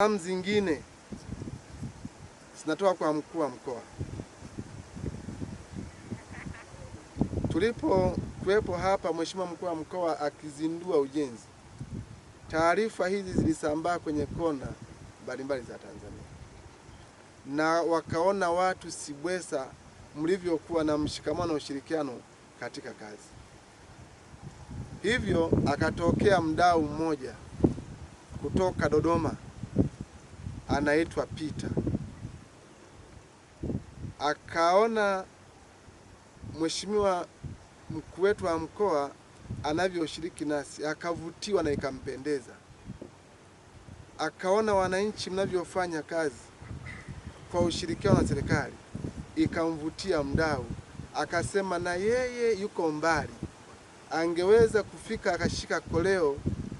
Salamu zingine zinatoka kwa mkuu wa mkoa. tulipo kuwepo hapa, Mheshimiwa mkuu wa mkoa akizindua ujenzi, taarifa hizi zilisambaa kwenye kona mbalimbali za Tanzania na wakaona watu Sibwesa mlivyokuwa na mshikamano na ushirikiano katika kazi. Hivyo akatokea mdau mmoja kutoka Dodoma anaitwa Peter. Akaona mheshimiwa mkuu wetu wa mkoa anavyoshiriki nasi, akavutiwa na ikampendeza. Akaona wananchi mnavyofanya kazi kwa ushirikiano na serikali, ikamvutia mdau, akasema na yeye yuko mbali, angeweza kufika akashika koleo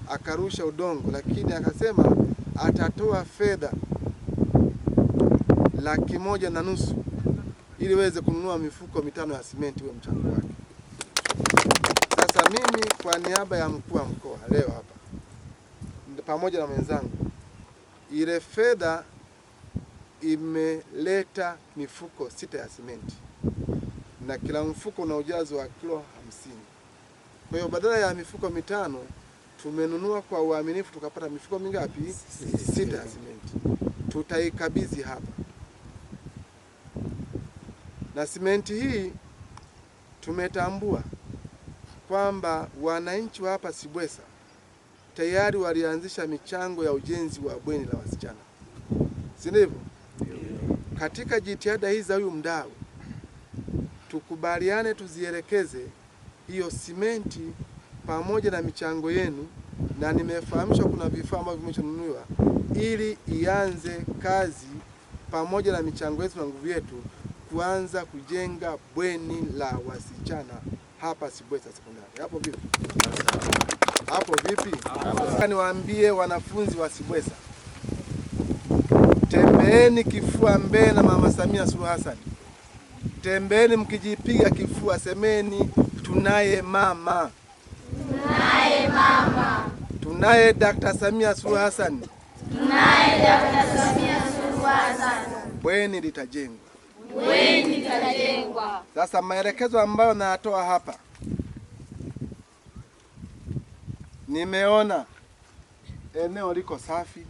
akarusha udongo, lakini akasema atatoa fedha laki moja na nusu ili weze kununua mifuko mitano ya simenti, huyo mchango wake. Sasa mimi kwa niaba ya mkuu wa mkoa leo hapa pamoja na mwenzangu, ile fedha imeleta mifuko sita ya simenti na kila mfuko una ujazo wa kilo hamsini. Kwa hiyo badala ya mifuko mitano tumenunua kwa uaminifu tukapata mifuko mingapi? Sita ya simenti. Tutaikabidhi hapa, na simenti hii tumetambua kwamba wananchi wa hapa Sibwesa tayari walianzisha michango ya ujenzi wa bweni la wasichana, si ndivyo? Katika jitihada hizi za huyu mdau, tukubaliane tuzielekeze hiyo simenti pamoja na michango yenu, na nimefahamishwa kuna vifaa ambavyo vimeshanunuliwa ili ianze kazi pamoja na michango yetu na nguvu yetu kuanza kujenga bweni la wasichana hapa Sibwesa Sekondari. Hapo vipi? Hapo vipi? Niwaambie wanafunzi wa Sibwesa, tembeeni kifua mbele na Mama Samia Suluhu Hassan, tembeeni mkijipiga kifua, semeni tunaye mama. Tunaye mama. Tunaye Dr. Samia Suluhu Hassan. Tunaye Dr. Samia Suluhu Hassan. Bweni litajengwa. Bweni litajengwa. Sasa maelekezo ambayo nayatoa hapa, nimeona eneo liko safi,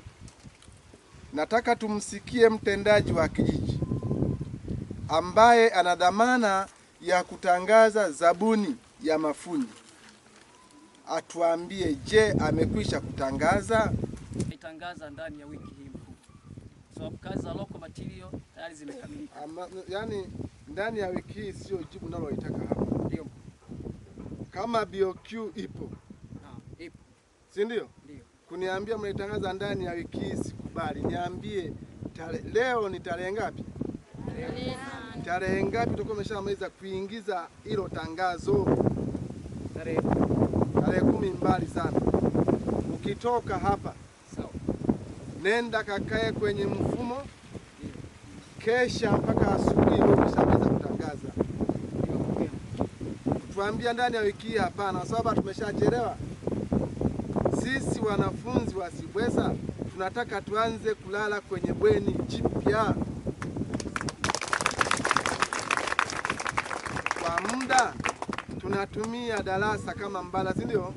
nataka tumsikie mtendaji wa kijiji ambaye ana dhamana ya kutangaza zabuni ya mafundi atuambie, je, amekwisha kutangaza? Itangaza ndani ya wiki hii mkuu, sababu kazi za local material tayari zimekamilika. Yani ndani ya wiki hii sio jibu naloitaka hapa. Ndio kama BOQ ipo na, ah, ipo, si ndio? Kuniambia mnaitangaza ndani ya wiki hii sikubali. Niambie tale, leo ni tarehe ngapi? Tarehe ngapi tutakuwa umeshamaliza kuingiza hilo tangazo? Tarehe tarehe kumi mbali sana. Ukitoka hapa sawa, nenda kakae kwenye mfumo, kesha mpaka asubuhi ndio kutangaza. Kutuambia ndani ya wiki hii, hapana, kwa sababu tumeshachelewa. Sisi wanafunzi wa Sibwesa tunataka tuanze kulala kwenye bweni jipya. tunatumia darasa kama mbala, si ndio?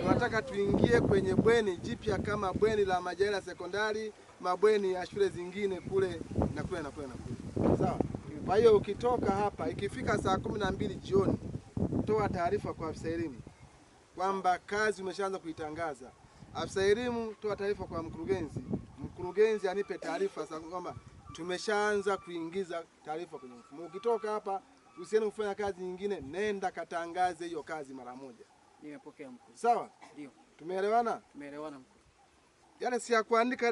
Tunataka tuingie kwenye bweni jipya kama bweni la Majaila Sekondari, mabweni ya shule zingine kule na kule na kule na kule, sawa. Kwa hiyo ukitoka hapa, ikifika saa kumi na mbili jioni, toa taarifa kwa afisa elimu kwamba kazi umeshaanza kuitangaza. Afisa elimu, toa taarifa kwa mkurugenzi, mkurugenzi anipe taarifa sasa kwamba tumeshaanza kuingiza taarifa kwenye mfumo. Ukitoka hapa usiende kufanya kazi nyingine, nenda katangaze hiyo kazi mara moja. Nimepokea mkuu. Sawa, ndio tumeelewana. Tumeelewana mkuu. Yaani si ya kuandika